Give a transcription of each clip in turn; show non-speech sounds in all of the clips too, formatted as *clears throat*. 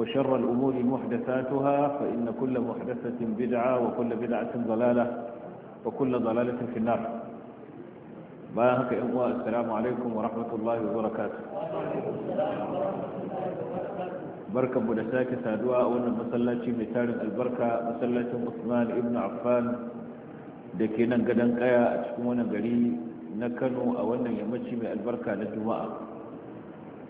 وشر الأمور محدثاتها فإن كل محدثة بدعة وكل بدعة ضلالة وكل ضلالة في النار باهك إخوة السلام عليكم ورحمة الله وبركاته بركة مدساك سادواء وأن مسلاتي مثال البركة مسلاتي عثمان ابن عفان دكينا قدن قيا أتكمونا قري نكنوا أولا يمشي من البركة للجماعة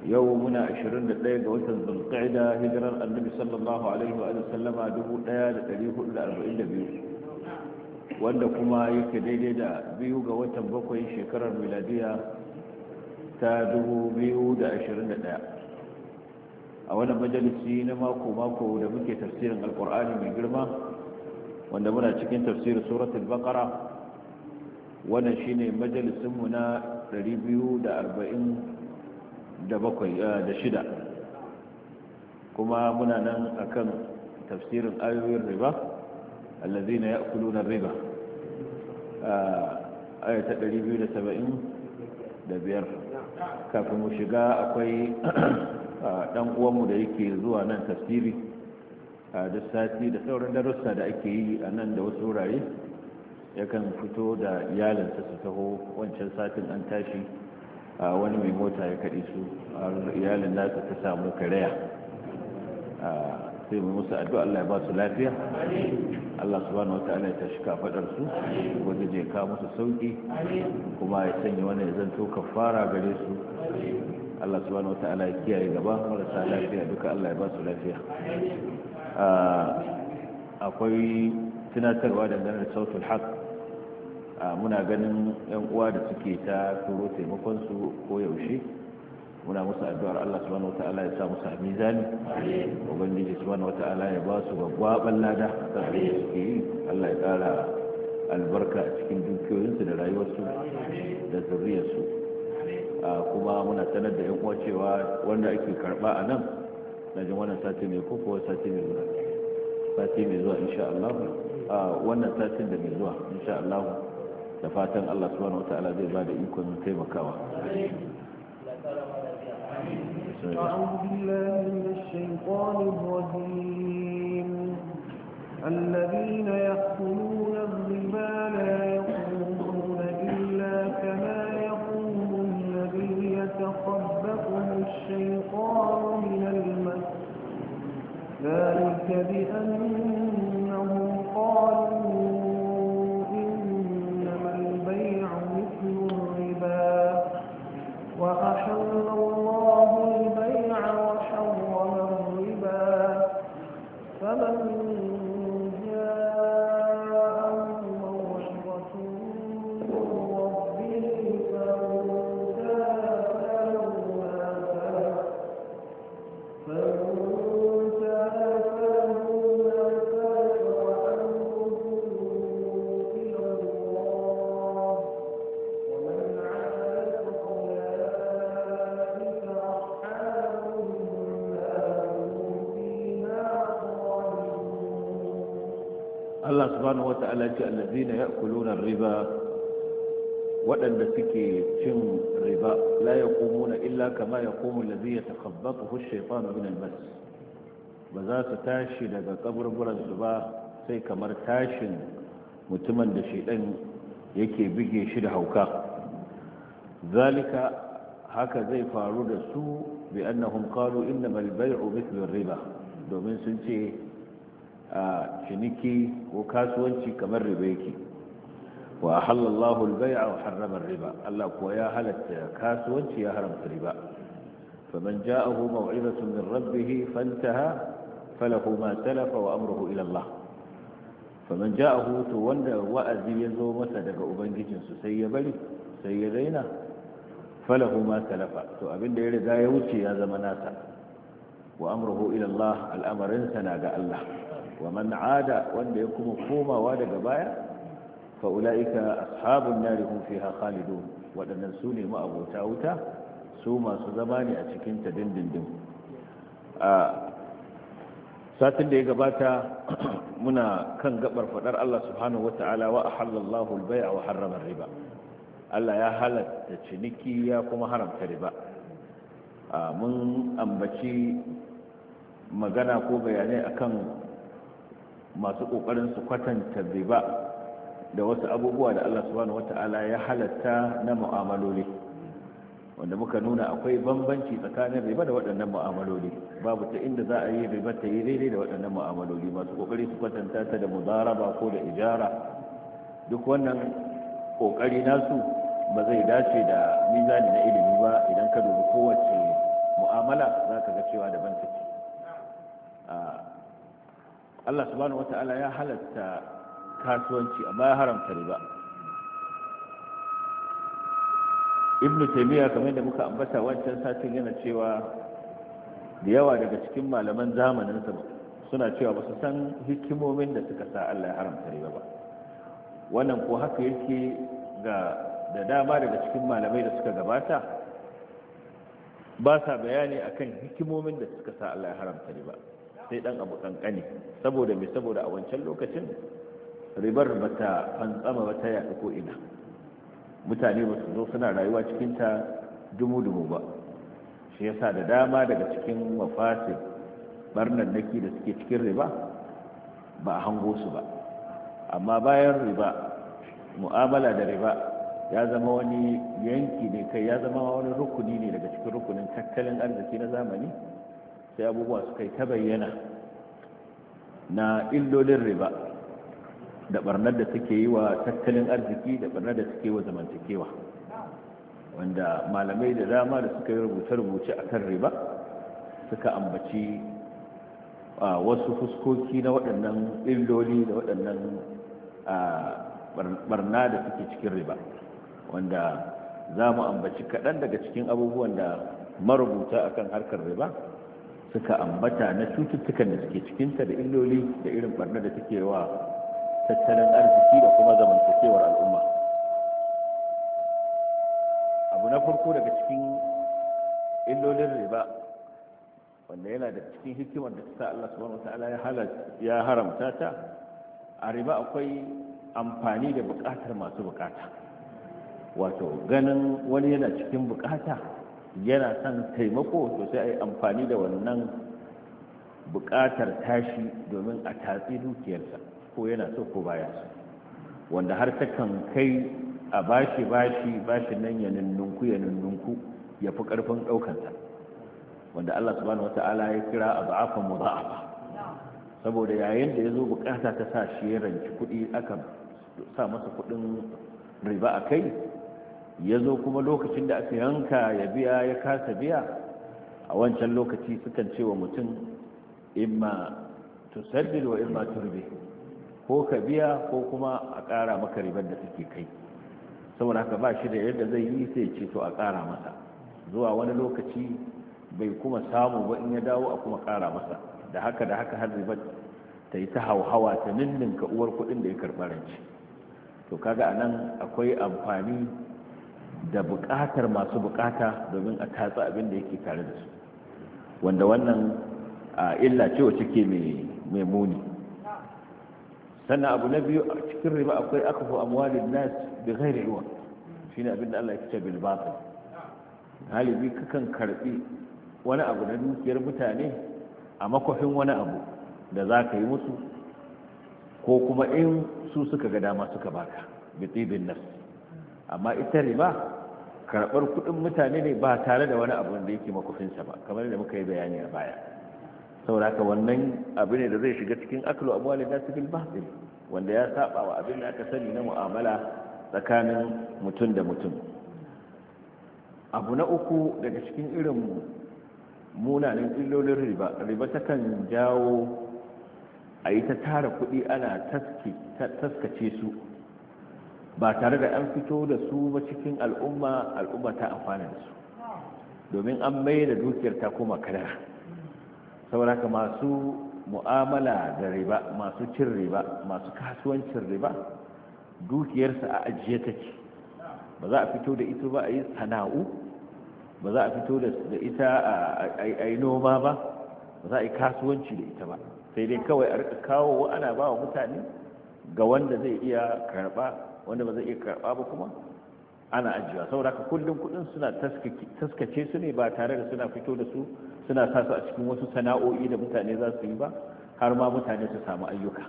yau muna 21 ga watan zulqa'ida hijirar annabi sallallahu alaihi wa sallama 1442 wanda kuma yake daidai da biyu ga watan bakwai shekarar miladiya ta 2021 a wani majalisi na mako-mako da muke tafsirin alkur'ani mai girma wanda muna cikin tafsirin suratul bakara wannan shine majalisinmu na 240 da bakwai eh, da shida kuma muna nan akan tafsirin ayoyin riba allazina ya'kuluna riba eh, aya ta 275 kafin mu shiga akwai dan *clears throat* eh, uwanmu da yake zuwa nan tafsiri a sati da sauran darussa da ake yi a nan da wasu wurare yakan fito da iyalinsa su taho wancan satin an tashi wani mai mota ya kaɗi su iyalin nasa ta samu karaya sai mu musu addu'a Allah ya ba su lafiya Allah subhanahu wataala ya tashi kafadar su wanda je ka musu sauki kuma ya sanya wannan ya zanto kafara gare su Allah subhanahu wataala ya kiyaye gaba marasa lafiya duka Allah ya ba su lafiya akwai tunatarwa dangane da sautul haqq muna ganin yan uwa da suke ta turo taimakon su ko yaushe muna musu addu'ar Allah subhanahu wataala ya sa musu a amin ubangiji subhanahu wataala ya ba su gwaggwaban lada da suke yi Allah ya kara albarka a cikin dukiyoyinsu da rayuwarsu da su, kuma muna sanar da yan uwa cewa wanda ake karba a nan na jin wannan sati ko ko sati ne sati mai zuwa insha Allah wannan satin da mai zuwa insha Allah da fatan Allah subhanahu wataala zai ba da ikon taimakawa أعوذ بالله من الشيطان الرجيم Allah subhanahu wata'ala ce allazina ya'kuluna riba waɗanda suke cin riba la yaqumuna illa kama yaqumu allazi yatakhabbathu ash-shaytanu min al-mas ba za su tashi daga kaburburan su ba sai kamar tashin mutumin da shedan yake bige shi da hauka zalika haka zai faru da su bi annahum qalu innamal bay'u mithlu riba domin sun ce a ciniki ko kasuwanci kamar riba yake wa halallahu al-bai'a wa harrama riba Allah ko ya halatta kasuwanci ya haramta riba faman ja'ahu maw'izatun min rabbih fantaha falahu ma talafa wa amruhu ila Allah faman ja'ahu to wanda wa'azi ya zo masa daga ubangijinsu sai ya bari sai ya daina falahu ma talafa to abinda ya riga ya wuce ya zama nasa wa amruhu ila Allah al'amarin sana ga Allah wa man ada wanda ya kuma komawa daga baya fa ulaika ashabun nari hum fiha khalidun wadannan su ne ma'abota wuta su masu zama ne a cikin ta dindindin a satin da ya gabata *clears throat* muna kan gabar fadar Allah subhanahu wataala wa ahallallahu al-bai'a wa harrama riba Allah ya halatta ciniki ya kuma haramta riba mun ambaci magana ko bayanai akan masu kokarin su kwatanta riba da wasu abubuwa da Allah subhanahu wata'ala ya halatta na mu'amaloli wanda muka nuna akwai bambanci tsakanin riba da waɗannan mu'amaloli babu ta inda za a yi riba ta yi daidai da waɗannan mu'amaloli masu kokari su kwatanta ta da mudaraba ko da ijara duk wannan kokari nasu ba zai dace da mizani na ilimi ba idan ka dubi kowace mu'amala za ka ga cewa daban take Allah subhanahu wata'ala ya halatta kasuwanci amma ya haramta riba ibn taymiya kamar da muka ambata wancan satin yana cewa da yawa daga cikin malaman zamanin sa suna cewa ba su san hikimomin da suka sa Allah ya haramta riba ba wannan ko haka yake ga da dama daga cikin malamai da suka gabata ba sa bayani akan hikimomin da suka sa Allah ya haramta riba sai dan abu kankani saboda mai saboda a wancan lokacin ribar bata fantsama ba ta yaɗu ko ina mutane ba su zo suna rayuwa cikin ta dumu-dumu ba shi yasa da dama daga cikin mafasin barnan naki da suke cikin riba ba a hango su ba amma bayan riba mu'amala da riba ya zama wani yanki ne kai ya zama wani rukuni ne daga cikin rukunin tattalin arziki na zamani sai abubuwa suka yi ta bayyana na illolin riba da barnar da suke yi wa tattalin arziki da barnar da suke wa zamantakewa wanda malamai da dama da suka yi rubuce-rubuce a kan riba suka ambaci wasu fuskoki na waɗannan illoli da waɗannan barna da suke cikin riba wanda za mu ambaci kaɗan daga cikin abubuwan da marubuta akan harkar riba suka ambata na cututtukan da suke cikinta da illoli da irin barna da take wa tattalin arziki da kuma zamantakewar al'umma abu na farko daga cikin illolin riba wanda yana da cikin hikimar da ta Allah subhanahu wata'ala ya haramta ta a riba akwai amfani da bukatar masu bukata wato ganin wani yana cikin bukata yana son taimako to sai a yi amfani da wannan buƙatar tashi domin a tatsi dukiyarsa ko yana so ko baya su wanda har takan kai a bashi bashi bashi nan ya nunnunku ya nunnunku ya fi ƙarfin ɗaukansa wanda Allah subhanahu ta'ala ya kira a ba'afa saboda yayin da ya zo buƙata ta sa shi ya ranci kuɗi aka sa masa kuɗin riba a kai ya zo kuma lokacin da aka yanka ya biya ya kasa biya a wancan lokaci sukan ce wa mutum imma tusaddid wa imma turbe ko ka biya ko kuma a ƙara maka ribar da suke kai saboda haka ba shi da yadda zai yi sai ce to a ƙara masa zuwa wani lokaci bai kuma samu ba in ya dawo a kuma ƙara masa da haka da haka har ribar ta yi ta hauhawa ta ninninka uwar kuɗin da ya karɓa to kaga anan akwai amfani da buƙatar masu buƙata domin a tatsa abin da yake tare da su wanda wannan illa ce wace ke mai muni sannan abu na biyu a cikin riba akwai akafu amwalin nas bi ghairi shi ne abin da Allah ya ce bil batil kakan karbi wani abu na dukiyar mutane a makwafin wani abu da za ka yi musu ko kuma in su suka ga dama suka baka bi amma ita riba karɓar kuɗin mutane ne ba tare da wani abu da yake makufinsa ba kamar da muka yi bayani a baya saboda ka wannan abu ne da zai shiga cikin aklu abuwa da na bil batil wanda ya saba wa abin da aka sani na mu'amala tsakanin mutum da mutum abu na uku daga cikin irin munanan illolin riba riba kan jawo a yi ta tara kuɗi ana taskace su ba tare da an fito da su ba cikin al'umma al'umma ta amfana da su domin an mai da dukiyar ta koma kadara sauraka masu mu'amala da riba masu cin riba masu kasuwancin riba dukiyarsa a ajiye take ba za a fito da ita ba a yi sana'u ba za a fito da ita a yi noma ba ba za a yi kasuwanci da ita ba sai dai kawai a rika kawo ana ba wa mutane ga wanda zai iya karba wanda ba zai iya karɓa ba kuma ana ajiyewa saboda haka kullum kuɗin suna taskace su ne ba tare da suna fito da su suna sa su a cikin wasu sana'o'i da mutane za su yi ba har ma mutane su samu ayyuka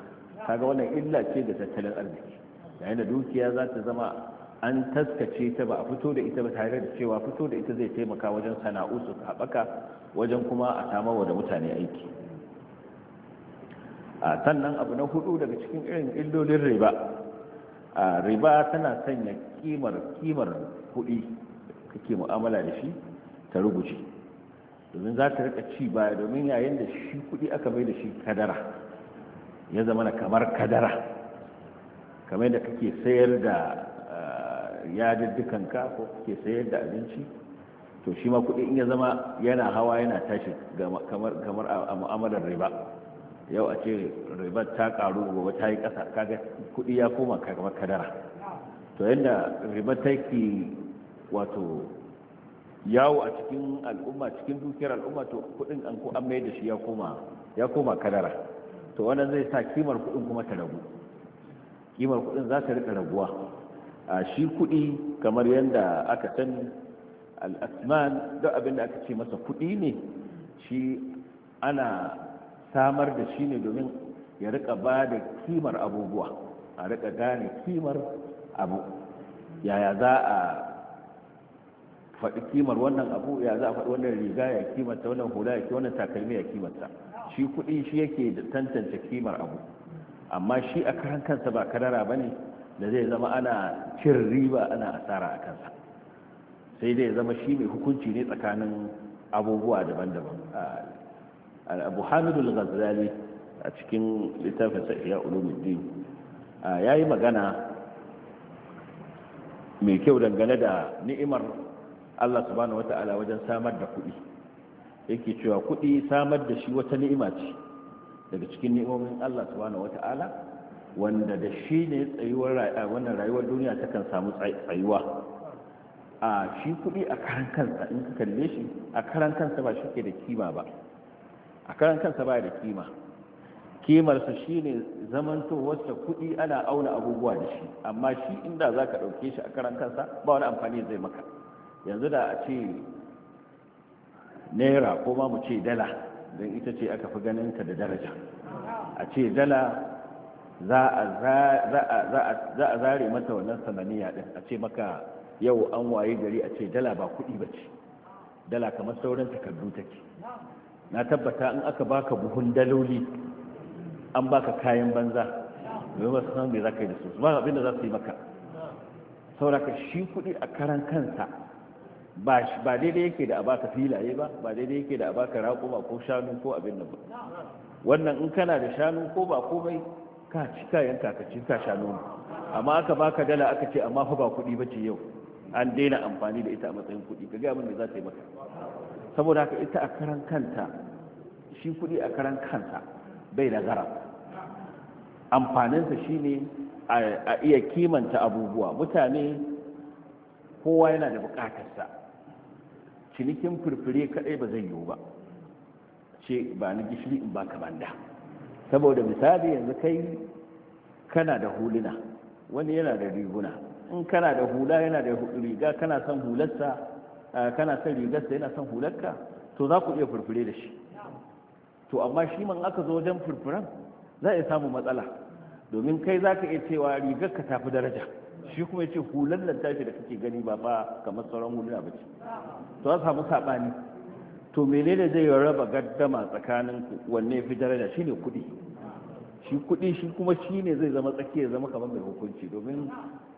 kaga wannan illa ce ga tattalin arziki yayin da dukiya za ta zama an taskace ta ba a fito da ita ba tare da cewa fito da ita zai taimaka wajen sana'o'i su haɓaka wajen kuma a samarwa da mutane aiki a sannan abu na hudu daga cikin irin illolin riba A riba tana sanya kimar kimar kuɗi kake mu'amala da shi ta rubuce domin za ta rika ci baya domin yayin da shi kuɗi aka bai da shi kadara ya zama na kamar kadara kamar da kake sayar da eh, yadiddikan ka ko kake sayar da abinci to shi ma kuɗi in ya zama yana hawa yana tashi kamar a mu'amalar riba yau a ce ribar ta karu gobe ta yi ƙasa kaga kuɗi ya koma kamar kadara to yadda ribar ta ke wato yawo a cikin al'umma cikin dukiyar al'umma to kuɗin an ko an mai da shi ya koma kadara to wannan zai sa kimar kuɗin kuma ta ragu kimar kuɗin za ta rika raguwa a shi kuɗi kamar yadda aka sani al'asman duk abin da aka ce masa kuɗi ne shi ana samar da shi ne domin ya rika ba da kimar abubuwa a rika gane kimar abu yaya za a faɗi kimar wannan abu ya za a faɗi wannan riga ya kimarta wannan hula ya wannan takalmi ya kimarta shi kuɗi shi yake da tantance kimar abu amma shi a karan kansa ba kadara ba ne da zai zama ana cin riba ana asara a kansa sai dai zama shi mai hukunci ne tsakanin abubuwa daban-daban ah, abu hamidu al-ghazali a cikin littafin sahiya ulumuddin ya yi magana mai kyau dangane da ni'imar Allah subhanahu wata'ala wajen samar da kuɗi yake cewa kuɗi samar da shi wata ni'ima ce daga cikin ni'imomin Allah subhanahu wata'ala wanda da shi ne tsayuwar wannan rayuwar duniya takan samu tsayuwa a shi kuɗi a karan kansa in ka kalle shi a karan kansa ba shi ke da kima ba a karan kansa ba da kima kimarsa shi ne zamantowarsa kuɗi ana auna abubuwa da shi amma shi inda za ka ɗauke shi a karan kansa ba wani amfani zai maka yanzu da a ce naira ko ma mu ce dala don ita ce aka fi ganin ta da daraja a ce dala za a zare mata wannan samaniya din a ce maka yau an waye gari a ce dala ba kuɗi ba ce dala kamar sauran takardu take na tabbata in aka baka buhun daloli an baka kayan banza domin ba su san mai za ka yi da su ba abin da za su yi maka sauraka shi kuɗi a karan kansa ba daidai yake da a baka filaye ba ba daidai yake da a baka raƙuma ko shanu ko abin da ba wannan in kana da shanu ko ba komai ka ci kayan kakacin ka shanu amma aka baka dala aka ce amma fa ba kuɗi ba ce yau an daina amfani da ita a matsayin kuɗi ka ga abin da za ta yi maka saboda haka ita a karan kanta shi kudi a karan kanta bai da gara amfaninsa ne a iya kimanta abubuwa mutane kowa yana da bukatarsa cinikin firfire kadai ba zai yiwu ba ce ba na gishiri in baka banda saboda misali yanzu kai kana da huluna wani yana da riguna in kana da hula yana da riga kana son hularsa kana son rigarsa yana son hularka to za ku iya furfure da shi to amma shi man aka zo wajen furfuren za a samu matsala domin kai za ka iya cewa rigarka ta fi daraja shi kuma ya ce hular lantarki da kake gani ba ba kamar sauran huluna ba ce to za samu saɓani to menene zai raba gaddama tsakanin wanne fi daraja shine kuɗi shi kuɗi shi kuma shi ne zai zama tsakiya zama kamar mai hukunci domin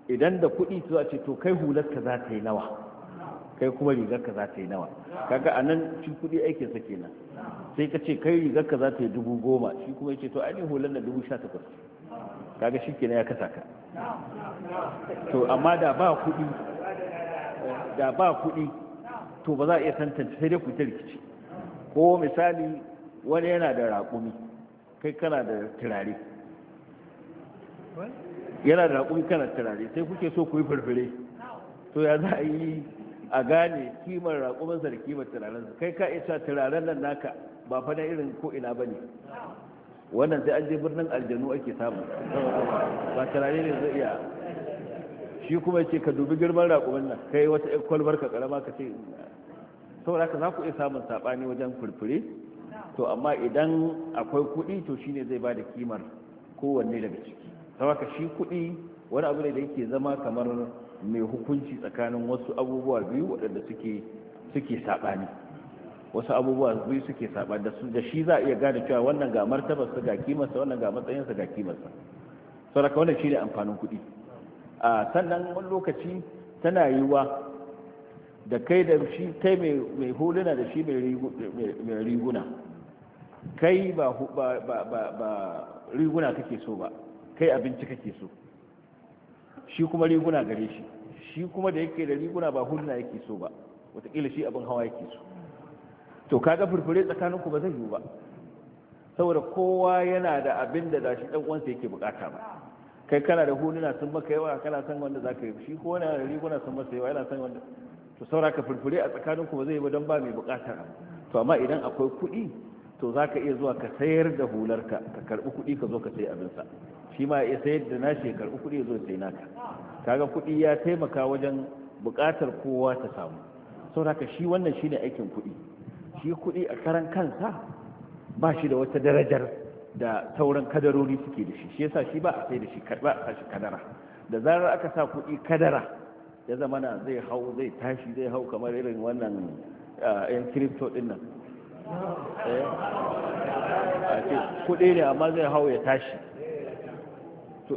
idan da kuɗi to a ce to kai hularka za ta yi nawa kai kuma rigar ka za ta yi nawa kaga a nan shi kudi aikin sa kenan sai ka ce kai rigar ka za ta yi dubu goma shi kuma ya ce to ainihin hulan da dubu sha takwas kaga shi kenan ya kasa ka to amma da ba kuɗi da ba kudi to ba za a iya tantance sai dai ku ta rikici ko misali wani yana da raƙumi kai kana da turare yana da raƙumi kana turare sai kuke so ku yi farfare to ya za a yi a gane kimar raƙumansa da kimar turarensa kai ka isa turaren nan naka ba fa na irin ko ina bane wannan sai an je birnin aljanu ake samu ba turare ne zai iya shi kuma ce ka dubi girman raƙuman nan kai wata ƴan kwalbar ka karama ka ce saboda ka za ku iya samun saɓani wajen furfure to amma idan akwai kuɗi to shine zai ba da kimar kowanne daga ciki saboda shi kuɗi wani abu ne da yake zama kamar mai hukunci tsakanin wasu abubuwa biyu waɗanda suke saɓani wasu abubuwa biyu suke saɓani da shi za a iya gane cewa wannan ga martabarsa ga kimarsa wannan ga matsayinsa ga kimarsa sauraka wannan shi ne amfanin kuɗi a sannan wani lokaci tana wa da kai da shi kai mai huluna da shi mai riguna kai ba riguna kake so ba kai abinci kake so shi kuma riguna gare shi shi kuma da yake da riguna ba hulna yake so ba wataƙila shi abin hawa yake so to kaga furfure tsakaninku ba zai yi ba saboda kowa yana da abin da da shi ɗan yake bukata ba kai kana da huluna sun maka yawa kana san wanda za ka yi shi kowa yana da riguna sun masa yawa yana san wanda to saura ka furfure a tsakaninku ba zai yi ba don ba mai bukatar to amma idan akwai kuɗi to za ka iya zuwa ka sayar da hularka ka karɓi kuɗi ka zo ka sayi abin sa. shi ma ya sayar da na shekaru kudi kuɗi ya zo sai naka kaga kuɗi ya taimaka wajen buƙatar kowa ta samu saboda shi wannan shi ne aikin kuɗi shi kuɗi a karan kansa ba shi da wata darajar da sauran kadarori suke da shi shi yasa shi ba a sai da shi ba a shi kadara da zarar aka sa kuɗi kadara ya zama na zai hau zai tashi zai hau kamar irin wannan yan ah, crypto din nan eh? kuɗi ne amma zai hau ya tashi to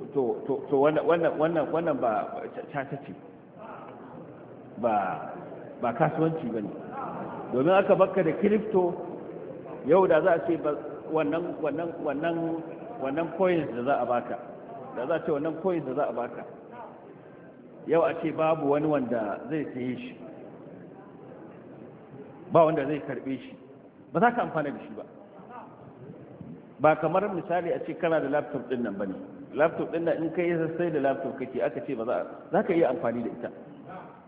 wannan ba cata ce ba kasuwanci ba ne domin aka baka da kirifto yau da za a ce wannan coins da za a baka da za a ce wannan coins da za a baka yau a ce babu wani wanda zai saye shi ba wanda zai karbe shi ba za ka amfana da shi ba ba kamar misali a ce kana da laptop din nan ba ne laptop din nan in kai ya sai da laptop kake aka ce ba za za ka iya amfani da ita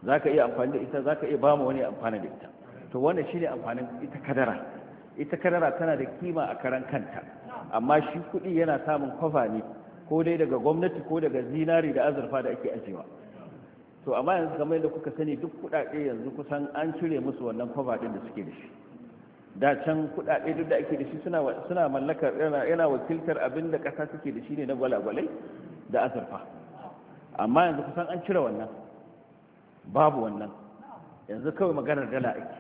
za ka iya amfani da ita za ka iya ba wani amfani da ita to wannan shine amfanin ita kadara ita kadara tana da kima a karan kanta amma shi kuɗi yana samun kwafa ne ko dai daga gwamnati ko daga zinari da azurfa da ake ajewa to amma yanzu kamar yadda kuka sani duk kuɗaɗe yanzu kusan an cire musu wannan kwafa ɗin da suke da shi da can kuɗaɗe duk da ake da shi suna mallakar yana wakiltar abin da ƙasa take da shi ne na gwalagwale da azurfa amma yanzu kusan an cire wannan babu wannan yanzu kawai maganar dala ake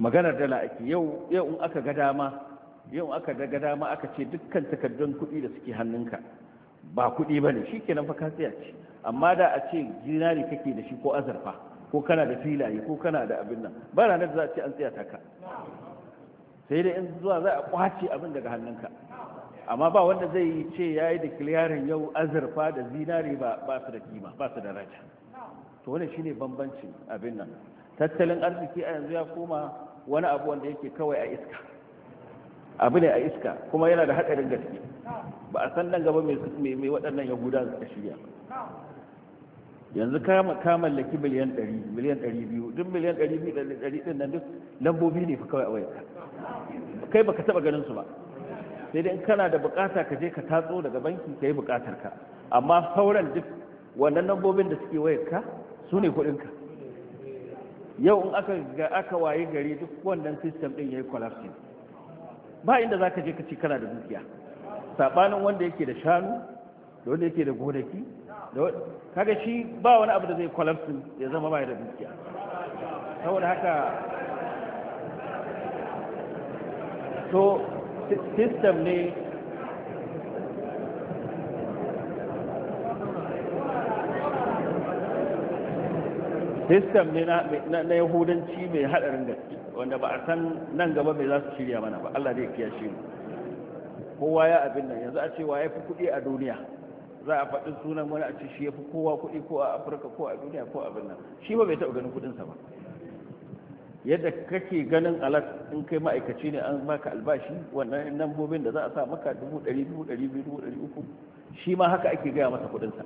maganar dala ake yau yau in aka ga dama yau aka ga dama aka ce dukkan takardun kuɗi da suke hannunka ba kuɗi ba ne shi kenan fa kasiya ce amma da a ce jinari kake da shi ko azurfa ko kana da filaye ko kana da abin nan ba ranar za a ce an tsaya taka sai dai in zuwa za a kwace abin daga hannunka amma ba wanda zai yi ce ya yi da kiliyarin yau azurfa da zinari ba su da kima ba su da raja to wani shine bambancin abin nan tattalin arziki a yanzu ya koma wani abu wanda yake kawai a iska abu ne a iska kuma yana da haɗarin gaske ba a san nan gaba mai waɗannan yahuda suka shirya yanzu ka mallaki miliyan 100 miliyan 200 duk miliyan ɗari din nan duk lambobi ne fa kawai a wayarka kai baka taba ganin su ba sai dai kana da bukata ka je ka tatso daga banki kai bukatar ka amma sauran duk wannan lambobin da suke wayarka su ne kudin ka yau in aka ga aka waye gari duk wannan system din yayi collapse ba inda zaka je ka ci kana da dukiya saɓanin wanda yake da shanu da wanda yake da gonaki kaga shi ba wani abu da zai kwalafsin ya zama bai da dukiya saboda haka to system ne system ne na yahudanci mai hadarin gaske wanda ba a san nan gaba mai za su shirya mana ba allah zai kiyashe mu kowa ya abin nan yanzu a cewa ya fi kudi a duniya za a faɗi sunan wani a ce shi ya fi kowa kuɗi ko a afirka ko a duniya ko a nan shi ba bai taɓa ganin kuɗinsa ba yadda kake ganin alat in kai ma'aikaci ne an maka albashi wannan nambobin da za a sa maka dubu ɗari dubu ɗari biyu dubu ɗari uku shi ma haka ake gaya masa kuɗinsa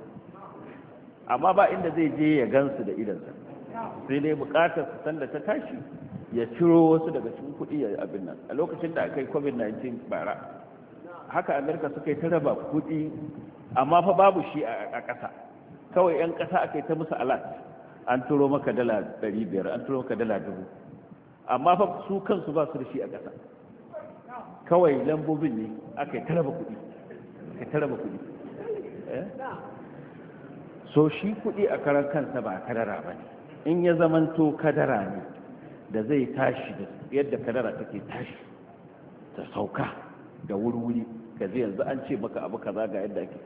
amma ba inda zai je ya gansu da sa. sai dai buƙatar su sanda ta tashi ya ciro wasu daga cikin kuɗi ya abin nan a lokacin da aka yi covid-19 bara haka amerika suka yi ta raba kudi amma fa babu shi a ƙasa kawai 'yan ƙasa aka yi ta musu alat an turo maka dala 500 an turo maka dala 1000 amma fa su kansu ba su da shi a ƙasa kawai lambobin ne aka yi ta raba kudi aka ta raba kudi eh? so shi kudi a karan kansa ba kadara ba ne in ya zamanto kadara ne da zai tashi yadda kadara take tashi ta sauka da wurwuri ka yanzu an ce maka abu kaza ga yadda ake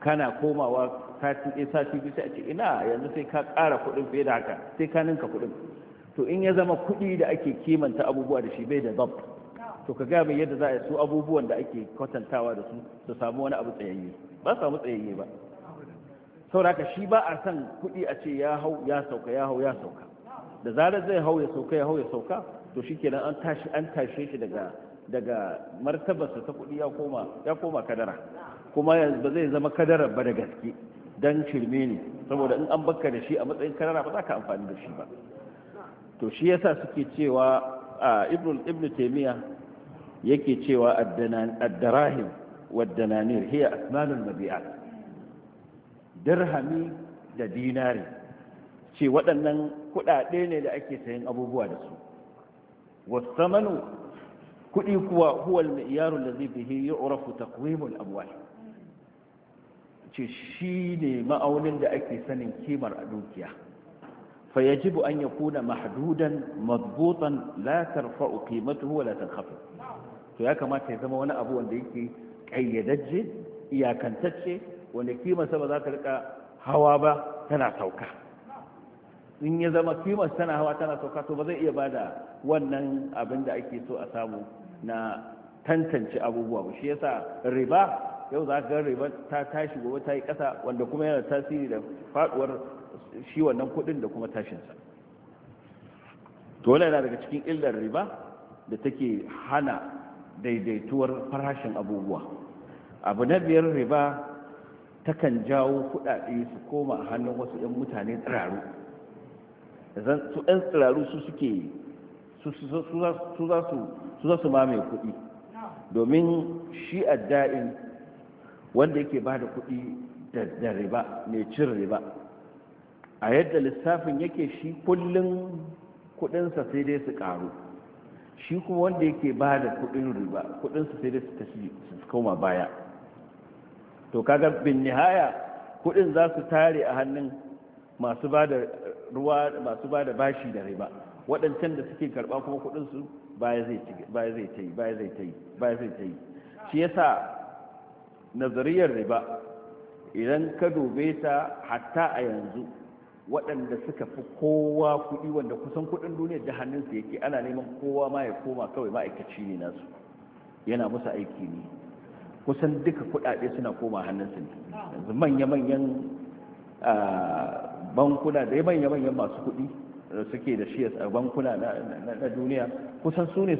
kana komawa sati sati biyu sai a ce ina yanzu sai ka kara kuɗin fiye da haka sai ka ninka kuɗin to in ya zama kuɗi da ake kimanta abubuwa da shi bai da zab to ka gaya mai yadda za a su abubuwan da ake kwatantawa da su su samu wani abu tsayayye ba samu tsayayye ba sauraka shi ba a san kuɗi a ce ya hau ya sauka ya hau ya sauka da zarar zai hau ya sauka ya hau ya sauka to shikenan an tashi an tashe shi daga daga martabarsa ta kuɗi ya koma kadara kuma ba zai zama kadara ba da gaske dan shirme ne saboda in an bakka da shi a matsayin kadara ba za ka amfani da shi ba to shi yasa suke cewa a ibn taymiya yake cewa ad-darahim wad-dananir hiya asmanul mabi'at dirhami da dinari ce waɗannan kuɗaɗe ne da ake sayan abubuwa da su wasu kuɗi kuwa huwal zai ladhi bihi urafu taqwimul amwal ce shi ne ma'aunin da ake sanin kimar a dukiya fa an an yakuna mahdudan madbutan la tarfa'u qimatuhu wa la tankhafid to ya kamata ya zama wani abu wanda yake kayyadajje iyakantacce wanda kimarsa ba za ta rika hawa ba tana sauka in ya zama kimar tana hawa tana sauka to ba zai iya bada wannan abin da ake so a samu na tantance abubuwa ba shi yasa riba yau za ga riba ta tashi gobe ta yi ƙasa wanda kuma yana tasiri da faduwar shi wannan kuɗin da kuma tashinsa to wannan yana daga cikin illar riba da take hana daidaituwar farashin abubuwa abu na biyar riba takan jawo kuɗaɗe su koma a hannun wasu 'yan mutane tsiraru su 'yan tsiraru su suke su za su su za su mamaye kuɗi domin shi adda'in wanda yake ba da kuɗi da riba mai cin riba a yadda lissafin yake shi kullum kuɗinsa sai dai su ƙaru shi kuma wanda yake ba da kuɗin riba kuɗinsa sai dai su koma baya to kaga bin nihaya kuɗin za su tare a hannun masu ba da ruwa masu ba da bashi da riba waɗancan da suke karɓa kuma kuɗinsu baya zai ta yi zai ta yi zai ta yi shi yasa nazariyar riba idan ka dube ta hatta a yanzu waɗanda suka fi kowa kuɗi wanda kusan kuɗin duniya da hannunsa yake ana neman kowa ma ya koma kawai ma'aikaci ne nasu yana musu aiki ne kusan duka kuɗaɗe suna koma hannunsa ne yanzu manya-manyan ah, bankuna da ya manya-manyan masu kuɗi suke da shi a bankuna na duniya kusan su ne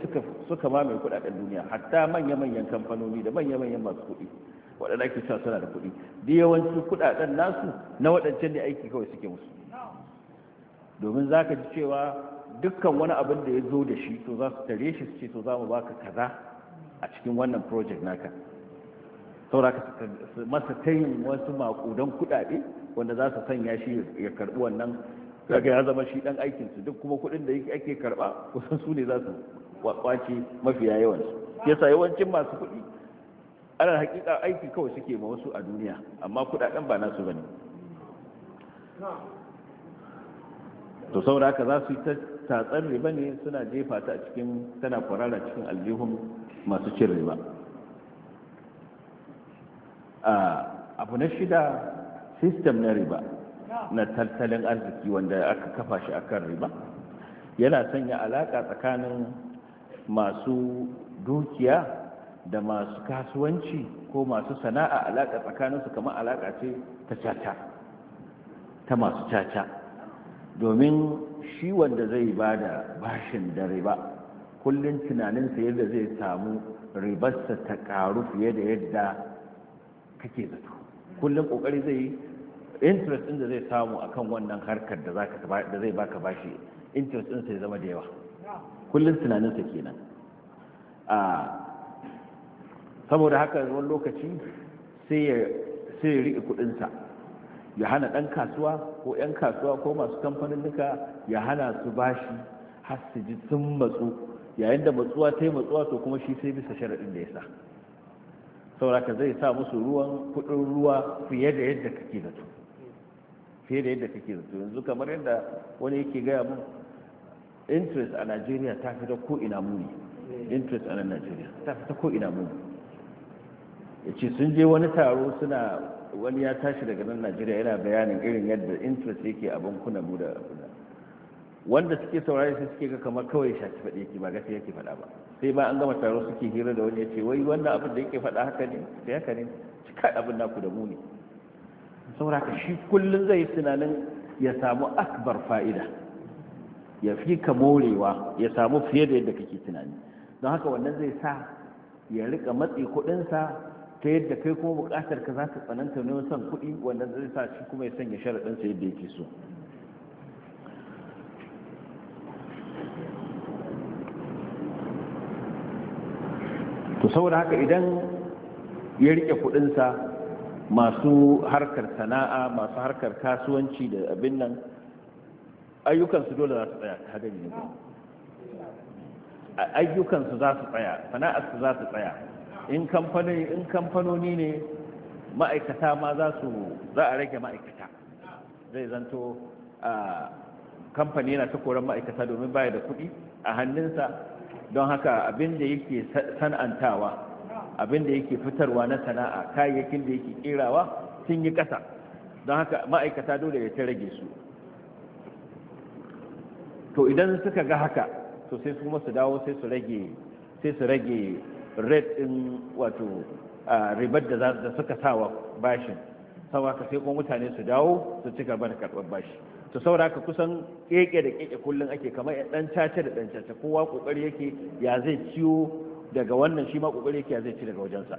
suka mai kudaden duniya hatta manya-manyan kamfanoni da manya-manyan masu kuɗi waɗanda ake cewa suna da kuɗi da yawancin kudaden nasu na waɗancan ne aiki kawai suke musu domin za ka ji cewa dukkan wani abin da ya zo da shi to za su tare shi su ce to za mu baka kaza a cikin wannan project naka saura ka masa tayin wasu makudan kudade wanda za su sanya shi ya karbi wannan kaga ya zama shi dan aikin su duk kuma kudin da ake karba kusan su ne za su kwace mafiya yawan su yasa yawancin masu kuɗi ana hakika aiki kawai suke ma wasu a duniya amma kudaden ba nasu bane to saboda haka za su yi tatsar riba ne suna jefa ta a cikin tana kwarara cikin aljihun masu cin riba ah, abu na shida sistem na riba na tattalin arziki wanda aka kafa shi akan riba yana sanya alaka tsakanin masu dukiya da masu kasuwanci ko masu sana'a alaka tsakaninsu kamar alaka ce ta caca ta masu caca domin shi wanda zai ba da bashin da riba kullum tunaninsa yadda zai samu ribarsa ta karu fiye da yadda kake zato kullum kokari zai yi interest ɗin da zai samu akan wannan harkar da zai baka bashi interest ɗin sai zama da yawa kullum tunaninsa kenan a saboda haka wani lokaci sai ya riƙe kuɗinsa ya hana ɗan kasuwa ko 'yan kasuwa ko masu kamfanin duka ya hana su bashi har su ji sun matsu yayin da matsuwa ta yi matsuwa to kuma shi sai bisa sharaɗin da ya sa sauraka zai sa musu ruwan kuɗin ruwa fiye da yadda kake su fiye da yadda kake zato yanzu kamar yadda wani yake gaya mun interest a Nigeria ta fi ta ko ina muni interest a nan Nigeria ta fi ta ko ina muni ya ce sun je wani taro suna wani ya tashi daga nan Nigeria yana bayanin irin yadda interest yake a bankunan mu da wanda suke saurari sai suke ga kamar kawai shafi faɗi yake ba gaskiya yake faɗa ba sai ba an gama taro suke hira da wani ya ce wai wannan abin da yake faɗa haka ne sai haka ne cika abin naku da muni. sauraka shi kullum zai tunanin ya samu akbar fa'ida ya fi ka morewa ya samu fiye da yadda kake tunani don haka wannan zai sa ya rika matsi kudinsa ta yadda kai kuma bukatar ka za ta tsananta ne son kudi, wannan zai sa shi kuma ya sanya sharaɗinsa yadda yake so to saboda haka idan ya rike kudinsa masu harkar sana'a masu harkar kasuwanci da abin nan ayyukansu dole za su tsaya gani ne ayyukansu za su tsaya sana'arsu za su tsaya in kamfanoni ne ma'aikata ma za su za a rage ma'aikata zai zanto a kamfani yana ta koran ma'aikata domin baya da kuɗi a hannunsa don haka abin da yake san'antawa abin da yake fitarwa na sana'a kayayyakin da yake kerawa sun yi ƙasa don haka ma'aikata dole ya ta rage su to idan suka ga haka to sai kuma su dawo sai su rage sai su rage red din wato ribar da suka sawa bashin saboda sai kuma mutane su dawo su ci gaba da karɓar bashi to saboda kusan keke da keke kullun ake kamar ɗan caca da ɗan caca kowa kokari yake ya zai ciwo daga wannan shi ma kokari yake zai ci daga wajensa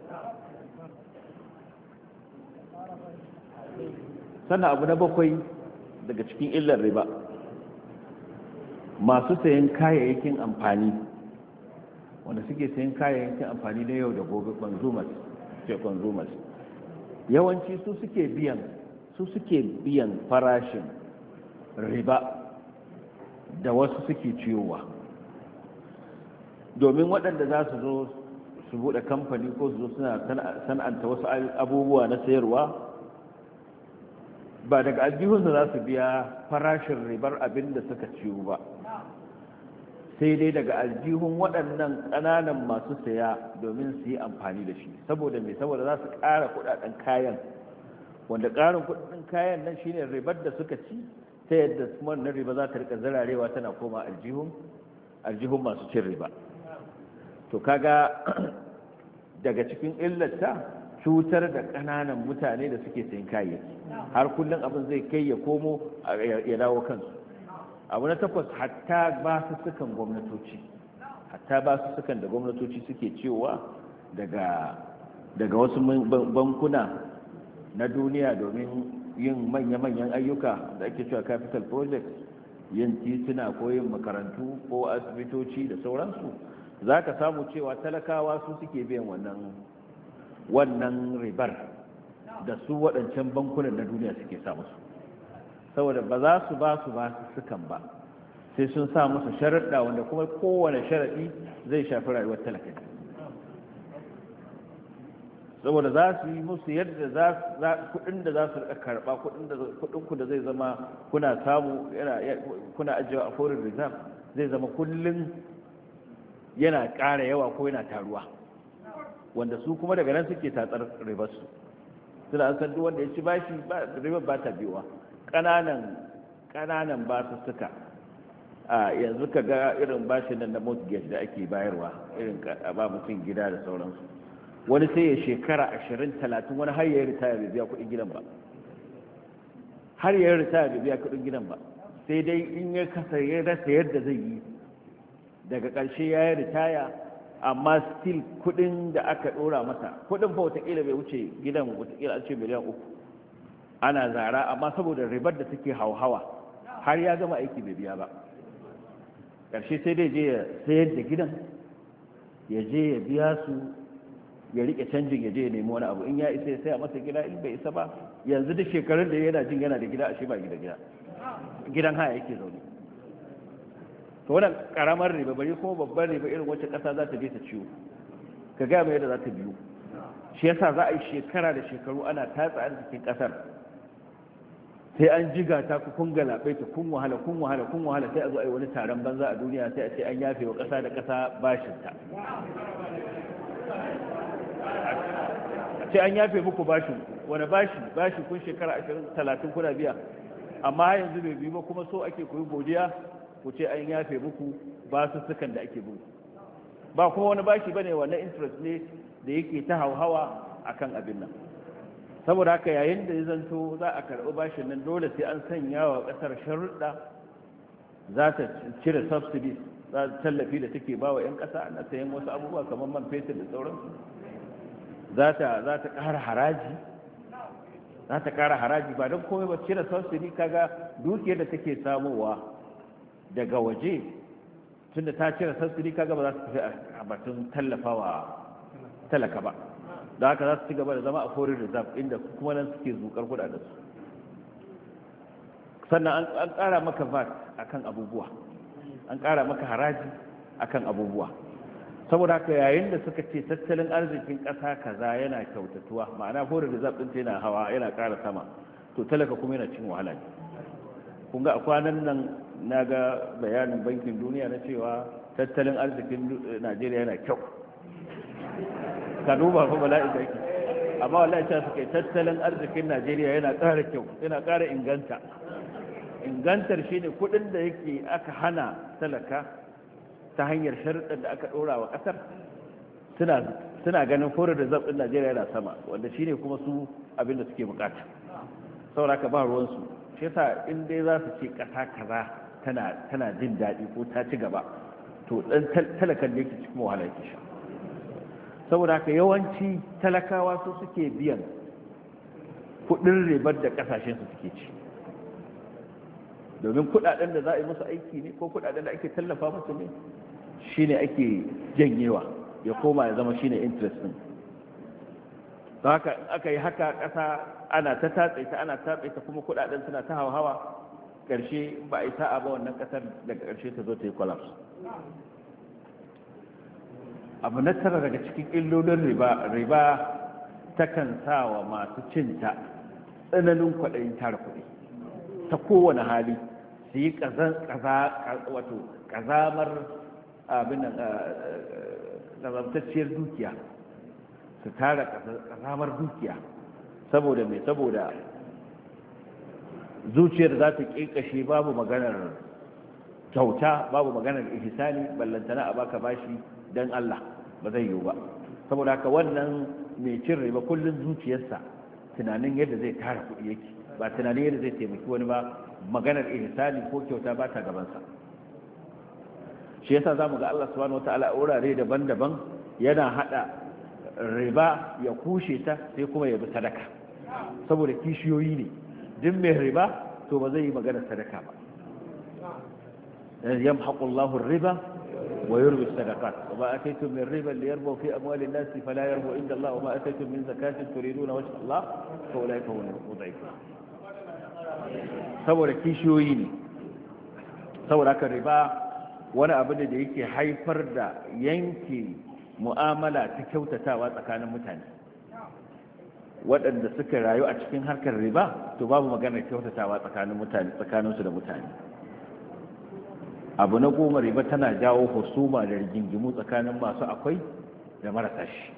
sannan abu na bakwai daga cikin illar riba masu sayan kayayyakin amfani wanda suke sayan kayayyakin amfani na yau da gobe consumers ce consumers yawanci su suke biyan su suke biyan farashin riba da wasu suke ciyowa domin waɗanda za su zo su buɗe kamfani ko su zo suna sana'anta wasu abubuwa na sayarwa ba daga aljihunsu za su biya farashin ribar abin da suka ciwo ba sai dai daga aljihun waɗannan ƙananan masu saya domin su yi amfani da shi saboda mai saboda za su ƙara kuɗaɗen kayan wanda ƙarin kuɗaɗen kayan nan shine ribar da suka ci ta yadda na riba za ta rika zirarewa tana koma aljihun aljihun masu cin riba to kaga *clears throat* daga cikin illarta cutar da ƙananan mutane da suke sayin kayayyaki har kullum abin zai kai ya komo ya dawo kansu abu na takwas hatta ba su sukan gwamnatoci hatta ba su sukan da gwamnatoci suke cewa daga wasu bankuna na duniya domin yin manya-manyan ayyuka da ake cewa capital project yin tituna ko yin makarantu ko asibitoci da sauransu za ka samu cewa talakawa su suke biyan wannan wannan ribar da su waɗancan bankunan na duniya suke sa musu saboda ba za su ba su ba su sukan ba sai sun sa musu sharaɗa wanda kuma kowane sharaɗi zai shafi rayuwar talaka saboda za su yi musu yadda kuɗin da za su karɓa kuɗinku da zai zama kuna samu kuna ajiyewa a foreign reserve zai zama kullum yana ƙara yawa ko yana taruwa wanda su kuma daga nan suke tatsar ribarsu suna an san wanda ya ci bashi ribar ba ta biyuwa ƙananan ƙananan ba su suka a yanzu ka ga irin bashin nan na mortgage da ake bayarwa irin ba mutum gida da sauransu wani sai ya shekara ashirin talatin wani har ya ritaya bai biya kuɗin gidan ba har ya ritaya bai biya kuɗin gidan ba sai dai in ya kasa ya rasa yadda zai yi daga ƙarshe ya yi ritaya amma still kuɗin da aka ɗora masa kuɗin fa watakila bai wuce gidan watakila an ce miliyan uku ana zara amma saboda ribar da take hauhawa har ya gama aiki bai biya ba ƙarshe sai dai je ya sayar da gidan ya je ya biya su ya riƙe canjin ya je ya nemi wani abu in ya isa ya saya masa gida in bai isa ba yanzu da shekarun da yana jin yana da gida a shi ba gida gida gidan haya yake zaune to wannan karamar riba bari ko babbar riba irin wacce kasa za ta je ta ciwo ka ga mai yadda za ta biyo shi yasa za a yi shekara da shekaru ana tatsa cikin kasar sai an jiga ta ku kun galabe ta kun wahala kun wahala kun wahala sai a zo a yi wani taron banza a duniya sai a ce an yafe wa kasa da kasa bashin ta a ce an yafe muku bashin wani bashi bashi kun shekara 20 30 kuna biya amma yanzu bai biyu ba kuma so ake koyi godiya ku ce an yafe muku basussukan da ake bin ba kuma wani bashi bane wannan interest ne da yake ta hauhawa akan abin nan saboda haka yayin da ya zanto za a karbi bashin nan dole sai an sanya wa kasar sharuɗa za ta cire subsidy za ta tallafi da take ba wa 'yan ƙasa na sayan wasu abubuwa kamar man fetur da sauransu za ta ƙara haraji za ta ƙara haraji ba don komai ba cire subsidy kaga dukiyar da take samowa daga waje tunda ta cire sassuri kaga ba za su tafi a batun tallafawa talaka ba da haka za su ci gaba da zama a foreign reserve inda kuma nan suke zukar kudaden su sannan an ƙara maka vat akan abubuwa an ƙara maka haraji akan abubuwa saboda haka yayin da suka ce tattalin arzikin kasa kaza yana kyautatuwa ma'ana foreign reserve ta yana hawa yana ƙara sama to talaka kuma yana cin wahala ne kun ga a kwanan nan na ga bayanin bankin duniya na cewa tattalin arzikin eh, najeriya yana kyau ka duba ko bala'in amma wallahi ta suke tattalin arzikin najeriya yana ƙara kyau yana ƙara inganta ingantar shi ne kuɗin da yake aka hana talaka ta hanyar sharuɗar da aka ɗora wa ƙasar suna ganin fura da zaɓin najeriya yana sama wanda shi ne kuma su abinda suke bukata sauraka ba ruwansu shi yasa in dai za su ce ƙasa kaza tana jin daɗi ko ta ci gaba to ɗan talakan da yake cikin wahala yake sha saboda haka yawanci talakawa su suke biyan kuɗin ribar da ƙasashen su suke ci domin kuɗaɗen da za a yi musu aiki ne ko kuɗaɗen da ake tallafa musu ne shine ake janyewa ya koma ya zama shine interest ɗin haka aka yi haka ƙasa ana ta tatse ana tatse kuma kuɗaɗen suna ta hawa karshe ba a yi sa'a ba wannan kasar daga karshe ta zo ta yi collapse abu na tara daga cikin illolin riba riba takan sa wa masu cinta tsananin kwaɗayin tara kuɗi ta kowane hali su yi ƙazamar abin eh, eh, ƙazamtacciyar dukiya su tara ƙazamar dukiya saboda mai saboda zuciyar za ta ƙiƙashe babu maganar kyauta babu maganar ihsani ballantana a baka bashi dan Allah ba zai yiwu ba saboda haka wannan mai cin riba kullum zuciyarsa tunanin yadda zai tara kuɗi yake ba tunanin yadda zai taimaki wani ba maganar ihsani ko kyauta ba ta gabansa shi yasa zamu ga Allah subhanahu wataala a wurare daban-daban yana haɗa riba ya kushe ta sai kuma ya bi sadaka saboda kishiyoyi ne duk mai riba to ba zai yi magana sadaka ba يمحق riba da ويربي الصدقات وما أتيتم من ربا ليربوا في أموال الناس فلا يربو عند الله وما أتيتم من زكاة تريدون وجه الله فأولئك wani المضعفون saboda kishiyoyi ne saboda haka riba wani abin da yake haifar da yanke mu'amala ta kyautatawa tsakanin mutane waɗanda suka rayu a cikin harkar riba to babu maganar kyautatawa tsakanin mutane tsakaninsu da mutane abu na goma riba tana jawo husuma da rigingimu tsakanin masu akwai da marasa shi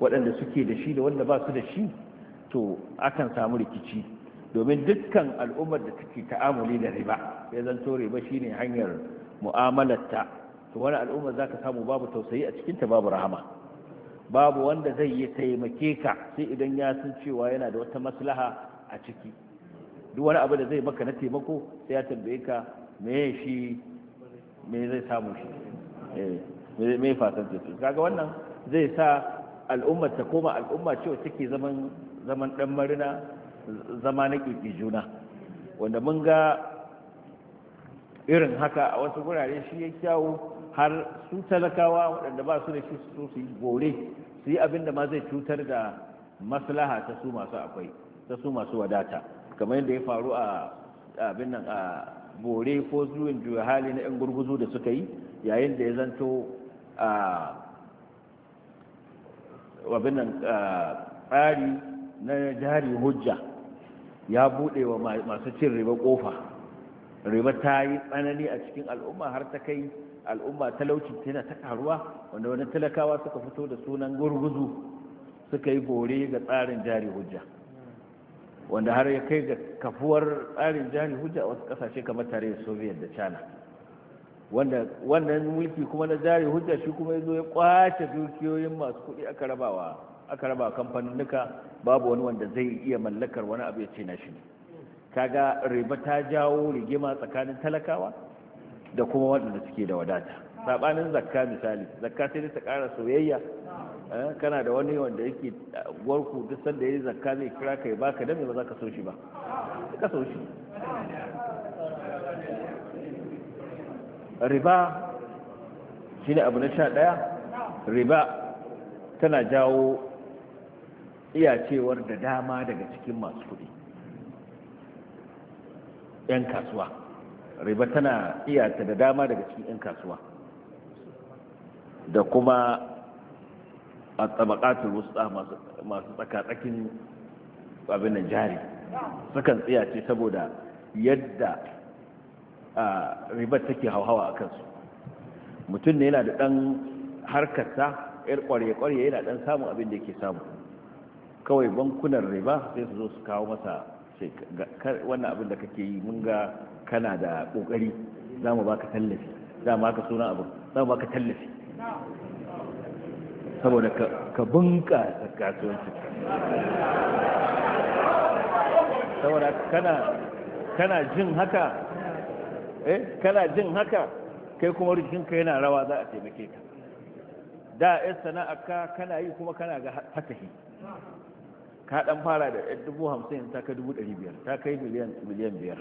waɗanda suke da shi da wanda ba su da shi to akan samu rikici domin dukkan al'ummar da take ta'amuli da riba ya zanto riba shine hanyar mu'amalarta to wani al'ummar ka samu babu tausayi a cikinta babu rahama babu wanda zai yi taimake ka sai idan ya san cewa yana da wata maslaha a ciki duk wani abu da zai maka na taimako sai ya tambaye ka me shi me zai samu shi eh, me fatan ce kaga wannan zai sa al'ummar ta koma al'umma cewa take zaman zaman dan marina zama na juna wanda mun ga irin haka a wasu gurare shi ya kyawo har su talakawa waɗanda ba su da shi su su yi gore su yi abin da ma zai cutar da maslaha ta su masu akwai ta su masu wadata kamar yadda ya faru a abin nan a bore ko zuwin juya hali na 'yan gurguzu da suka yi yayin da ya zanto a abin nan tsari na jari hujja ya buɗe wa masu cin riba kofa riba ta yi tsanani a cikin al'umma har ta kai al'umma talauci tana ta karuwa wanda wani talakawa suka fito da sunan gurguzu suka yi bore ga tsarin jari hujja wanda har ya kai ga kafuwar tsarin jari hujja a wasu kasashe kamar da soviet da china wannan mulki kuma na jari hujja shi kuma ya ya kwace dukiyoyin masu kuɗi aka rabawa aka raba nuka babu wani wanda zai iya mallakar wani abu ya ce na shi ne kaga riba ta jawo rigima tsakanin talakawa da kuma waɗanda suke da wadata sabanin zakka misali zakka sai ta ƙara soyayya eh, kana da wani wanda yake warku duk sanda yayi zakka zai kira ka ya baka dan me ba za ka so shi ba ka so shi riba shine abu na sha ɗaya riba tana jawo iyacewar da dama daga cikin masu kuɗi 'yan kasuwa riba tana iyata da dama daga cikin 'yan kasuwa da kuma a tsabakatun wusta masu tsakatsakin abin da jari sukan tsiyace saboda yadda riba take hauhawa a kansu mutum ne yana da ɗan harkarsa yar kwarye-kwarye yana ɗan samun abin da yake samu kawai bankunan riba sai su zo su kawo masa sai wannan abin da kake yi mun ga kana da kokari za mu baka tallafi za mu baka sunan abin za mu baka tallafi saboda ka bunƙasa kasuwanci saboda kana kana jin haka eh kana jin haka kai kuma rikinka yana rawa za a taimake ka da sana'a ka kana yi kuma kana ga fatahi ka dan fara da yan dubu hamsin ta kai dubu ɗari biyar ta kai miliyan miliyan biyar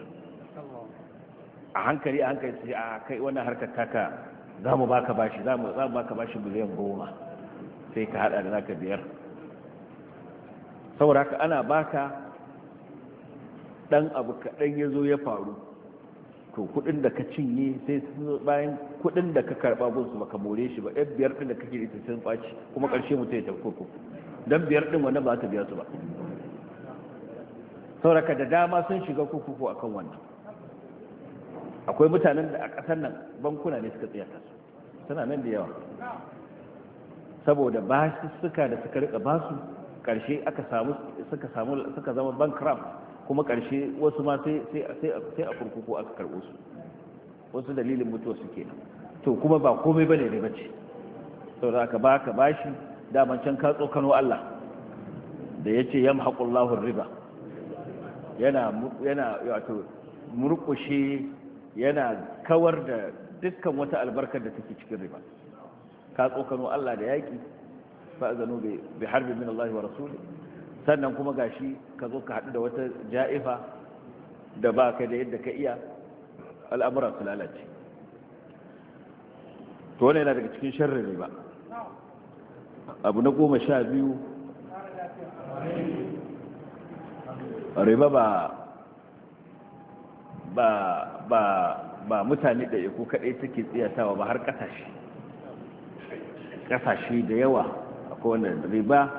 a hankali a hankali sai a ah, kai wannan harkar taka za mu baka bashi za mu baka bashi miliyan goma sai ka hada da naka biyar saboda haka ana baka dan abu kaɗan ya zo ya faru to kudin da ka cinye sai bayan kudin da ka karɓa gunsu baka more shi ba yan biyar ɗin da kake da sun ɓaci kuma ƙarshe mutum ya tafi kurkuku don biyar ɗin wanda ba ta biya su ba sauraka da dama sun shiga kukuku akan wannan akwai mutanen da a ƙasar nan bankuna ne suka tsaya su suna nan da yawa saboda ba su suka da suka rika ba su ƙarshe aka samu suka samu suka zama bankrap kuma ƙarshe wasu ma sai sai a kurkuku aka karɓo su wasu dalilin mutuwa suke to kuma ba komai bane ne bace saboda aka baka bashi daman can ka tsokano Allah da ya ce yamhaqullahu riba yana wato murkushe yana kawar da dukkan wata albarkar da take cikin riba ka tsokano Allah da yaki fa'azanu bai harbi min Allah wa rasuli sannan kuma gashi ka zo ka haɗu da wata ja'ifa da ba ka da yadda ka iya al'amuran su lalace to wani yana daga cikin sharrin riba abu na goma sha biyu riba ba ba ba ba mutane da iko kaɗai take tsiyatawa ba har ƙasashe ƙasashe da yawa a wannan riba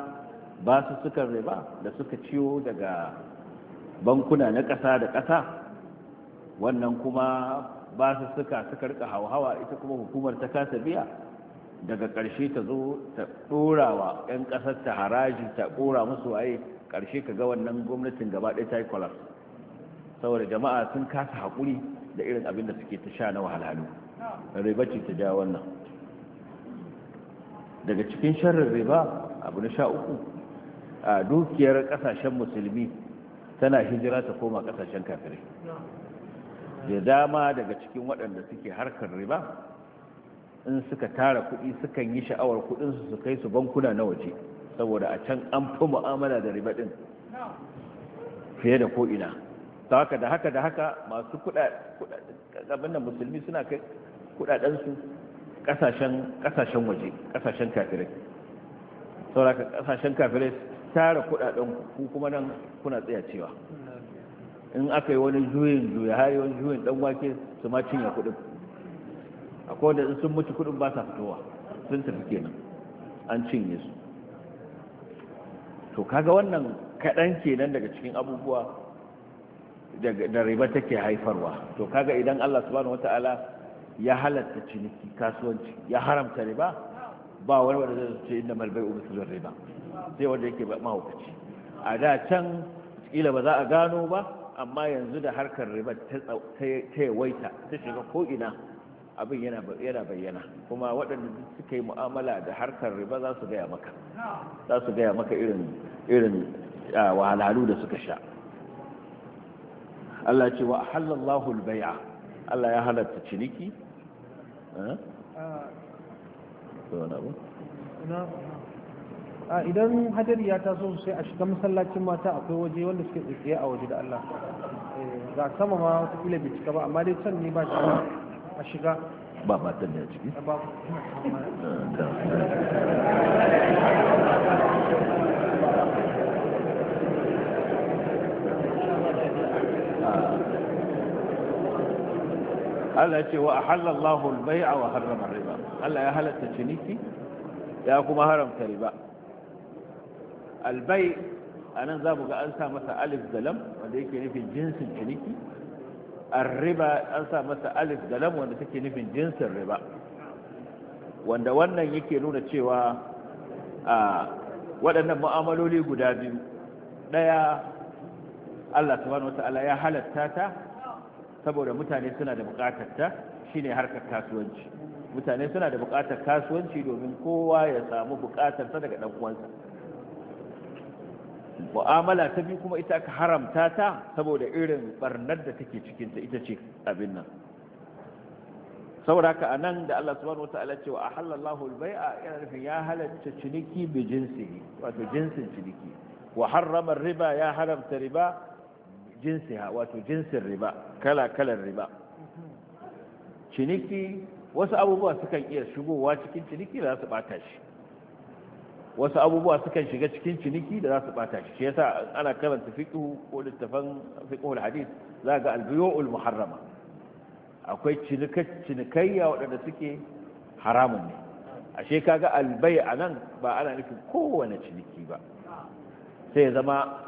ba su suka riba da suka ciwo daga bankuna na ƙasa da ƙasa wannan kuma ba su suka suka rika hauhawa ita kuma hukumar ta kasa biya daga ƙarshe ta zo ta ɗora 'yan ƙasar ta haraji ta ƙora musu waye ƙarshe ka ga wannan gwamnatin gaba ɗaya ta yi kwalar saboda jama'a sun kasa haƙuri da irin abin da suke ta sha na wahalhalu riba ce ta ja wannan daga cikin sharrin riba abu na sha uku a dukiyar ƙasashen musulmi tana hijira ta koma ƙasashen kafirai da dama daga cikin waɗanda suke harkar riba in suka tara kuɗi sukan yi sha'awar kuɗinsu su kai su bankuna na waje saboda a can an fi mu'amala da riba fiye da ko'ina ta haka da haka da haka masu kuɗaɗen da musulmi suna kai kuɗaɗensu ƙasashen waje ƙasashen kafirai sauraka ƙasashen kafirai tara kuɗaɗen ku kuma nan kuna tsayacewa in aka yi wani juyin juya har wani juyin ɗan wake su ma cinye kuɗin akwai wanda sun mutu kudin ba sa fitowa sun tafi kenan an cinye su to kaga wannan kaɗan kenan daga cikin abubuwa da riba take haifarwa to kaga idan Allah subhanahu wata'ala ya halatta ciniki kasuwanci ya haramta riba ba wani wanda zai ce inda malbai ubi riba sai wanda yake ba mahaukaci a da can kila ba za a gano ba amma yanzu da harkar riba ta yawaita ta shiga ko'ina abin yana bayyana kuma waɗanda suka yi mu'amala da harkar riba za su gaya maka za su gaya maka irin wahalhalu da suka sha Allah ce wa halallahu albai'a Allah ya halatta ciniki eh? idan hadari ya taso sai a shiga masallacin mata akwai waje wanda suke tsaye a waje da Allah eh, ga sama ma wata bai cika ba amma dai can ne ba shi a shiga ba matan ne a ciki ah. Allah ya ce wa ahallallahu al-bai'a wa harrama riba Allah ya halatta ciniki ya kuma haramta riba al-bai anan zamu ga an sa masa alif da lam wanda yake nufin jinsin ciniki arriba an sa masa alif da lam wanda take nufin jinsin riba wanda wannan yake nuna cewa a waɗannan mu'amaloli guda biyu ɗaya Allah subhanahu wata'ala ya halatta ta saboda mutane suna da buƙatar ta shine harkar kasuwanci mutane suna da buƙatar kasuwanci domin kowa ya samu buƙatar sa daga ɗan uwansa mu'amala ta biyu kuma ita aka haramta ta saboda irin barnar da take ta ita ce abin nan saboda haka a nan da Allah subhanahu wata'ala cewa a halallahu albai'a yana nufin ya halatta ciniki bi jinsihi wato jinsin ciniki wa harrama riba ya haramta riba jinsiha wato jinsin riba kala kalan riba ciniki wasu abubuwa sukan iya shigowa cikin ciniki za su bata shi wasu abubuwa sukan shiga cikin ciniki da za su bata shi shi yasa ana karanta fiqhu ko littafan fiqhul hadith za ga albiyul muharrama akwai cinikayya waɗanda suke haramun ne ashe kaga albay anan ba ana nufin kowane ciniki ba sai ya zama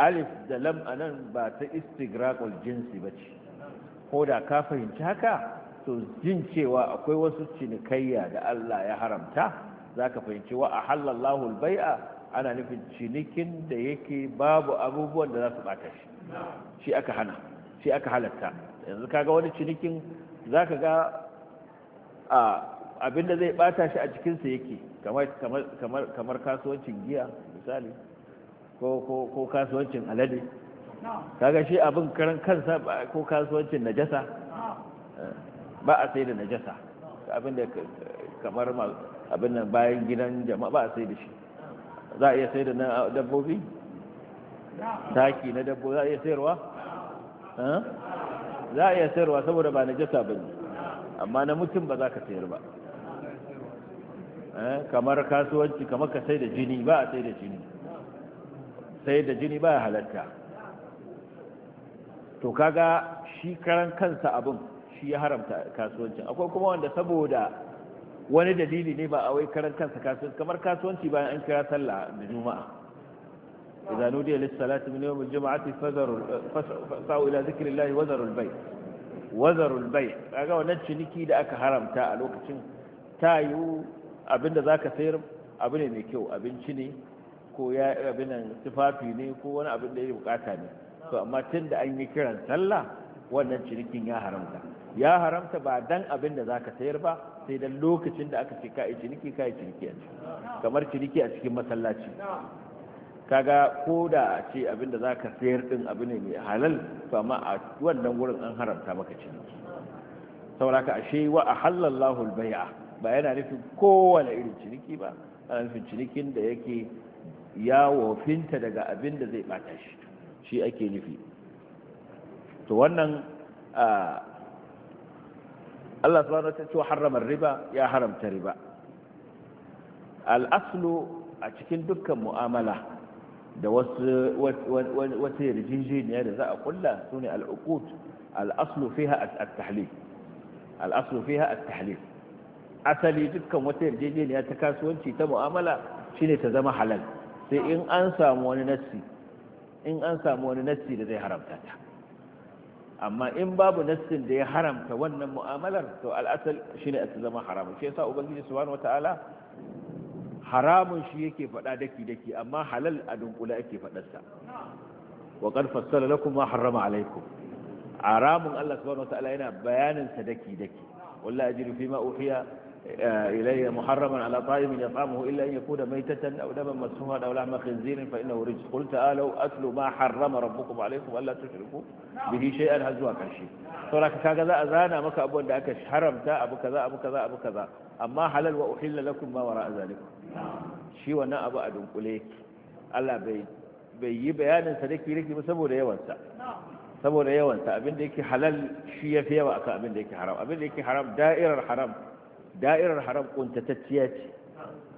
alif da lam anan ba ta istigraqul jinsi ba ce ko da ka fahimci haka to jin cewa akwai wasu cinikayya da Allah ya haramta Za ka fahimci wa a al-bai'a ana nufin cinikin da yake babu abubuwan da za su bata shi shi aka hana shi aka halatta yanzu kaga wani cinikin za ka ga abinda zai bata shi a cikinsa yake kamar kasuwancin giya misali ko kasuwancin alade kaga shi abin karan kansa ko kasuwancin najasa eh, ba a sai da najasa abinda kamar abin nan bayan gidan jama'a ba a sai da shi za a iya sai da na dabbobi taki na dabbobi za a iya sayarwa za a iya sayarwa saboda ba na jasa ba ne amma na mutum ba za ka sayar ba eh, kamar kasuwanci kamar ka sai da jini ba a sai da jini sai da jini ba a halatta to kaga shi karan kansa abin shi ya haramta kasuwancin akwai kuma wanda saboda wani dalili ne ba a wai karan kansa kasuwanci kamar kasuwanci bayan an kira sallah da juma'a idan nudiya lissalati min yawmil juma'ati fasau ila zikrillahi wazarul bay wazarul bay kaga wannan ciniki da aka haramta a lokacin tayu abinda zaka sayar abu ne mai kyau abinci ne ko ya abin nan tufafi ne ko wani abin da ya bukata ne to amma tunda an yi kiran sallah wannan cinikin ya haramta ya haramta ba dan abin da zaka sayar ba sai dan lokacin da aka ce ka yi ciniki ka yi ciniki a kamar ciniki a cikin masallaci kaga ko da a ce abin da zaka sayar din abu ne mai halal to amma a wannan wurin an haramta maka ciniki ka ashe wa ahallallahu albay'a ba yana nufin kowane irin ciniki ba ana nufin cinikin da yake ya wofinta daga abin da zai bata shi shi ake nufi to wannan ah, Allah subhanahu wa ta'ala harrama riba ya haramta riba al'aslu a cikin dukkan mu'amala da wasu wata yarjejeniya da za a kulla su ne al'uqut al'aslu fi at-tahlil al'aslu fiha at-tahlil asali dukkan wata yarjejeniya ta kasuwanci ta mu'amala shine ta zama halal sai in an samu wani nassi in an samu wani nassi da zai haramta ta amma in babu nassin da ya haramta wannan mu'amalar to al'asal shine ta zama haramun shi yasa ubangiji subhanahu wataala haramun shi yake faɗa daki daki amma halal a dunkula ake faɗarsa sa wa qad na kuma ma alaikum haramun Allah subhanahu wataala yana bayanin sa daki daki wallahi ajiru fi ma إلي محرما على طائم يطعمه إلا أن يكون ميتة أو دما مسفوحا أو لحم خنزير فإنه رجس قل تعالوا أتلوا ما حرم ربكم عليكم ألا تشركوا به شيئا هزوا كشي سورة كذا أذانا مك أبو أنك حرمت أبو كذا أبو كذا أبو كذا أما حلل وأحل لكم ما وراء ذلك شي وانا أبو أدم قليك ألا بي بي بيانا سليك لك مسبو ليوانسا saboda yawansa abin da yake halal shi ya fi yawa akan abin da yake haram abin da yake haram da'irar haram da'irar haram kuntatacciya ce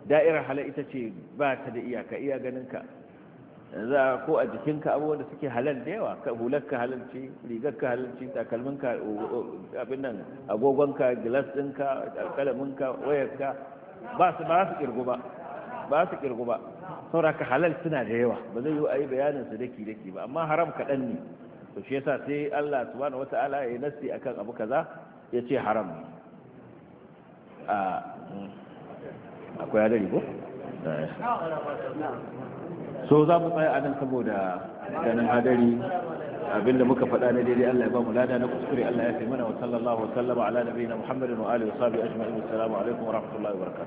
da'irar halal ita ce ba ta da iyaka iya ganinka yanzu ko a jikinka abubuwan da suke halal da yawa ka hularka halal ce rigarka halal ce takalminka abin nan agogonka gilas ɗinka wayarka ba su ba su kirgu ba ba su kirgu ba ka halal suna da yawa ba zai yi a yi bayanin su daki daki ba amma haram kaɗan ne to shi yasa sai Allah subhanahu wata'ala ya nasi akan abu kaza ya ce haram akwai adari ko? so za mu tsaya a nan saboda ganin hadari abinda muka faɗa na daidai Allah ya ba mu lada na kuskure Allah ya fi mana wa sallallahu wa sallama ala na Muhammadin wa alihi wa sahbihi ajma'in assalamu alaikum wa rahmatullahi wa barakatuh